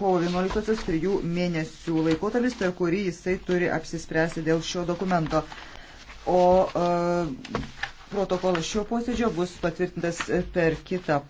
kovo 11 trijų mėnesių laikotarpis, per kurį jisai turi apsispręsti dėl šio dokumento. O e, protokolas šio posėdžio bus patvirtintas e, per kitą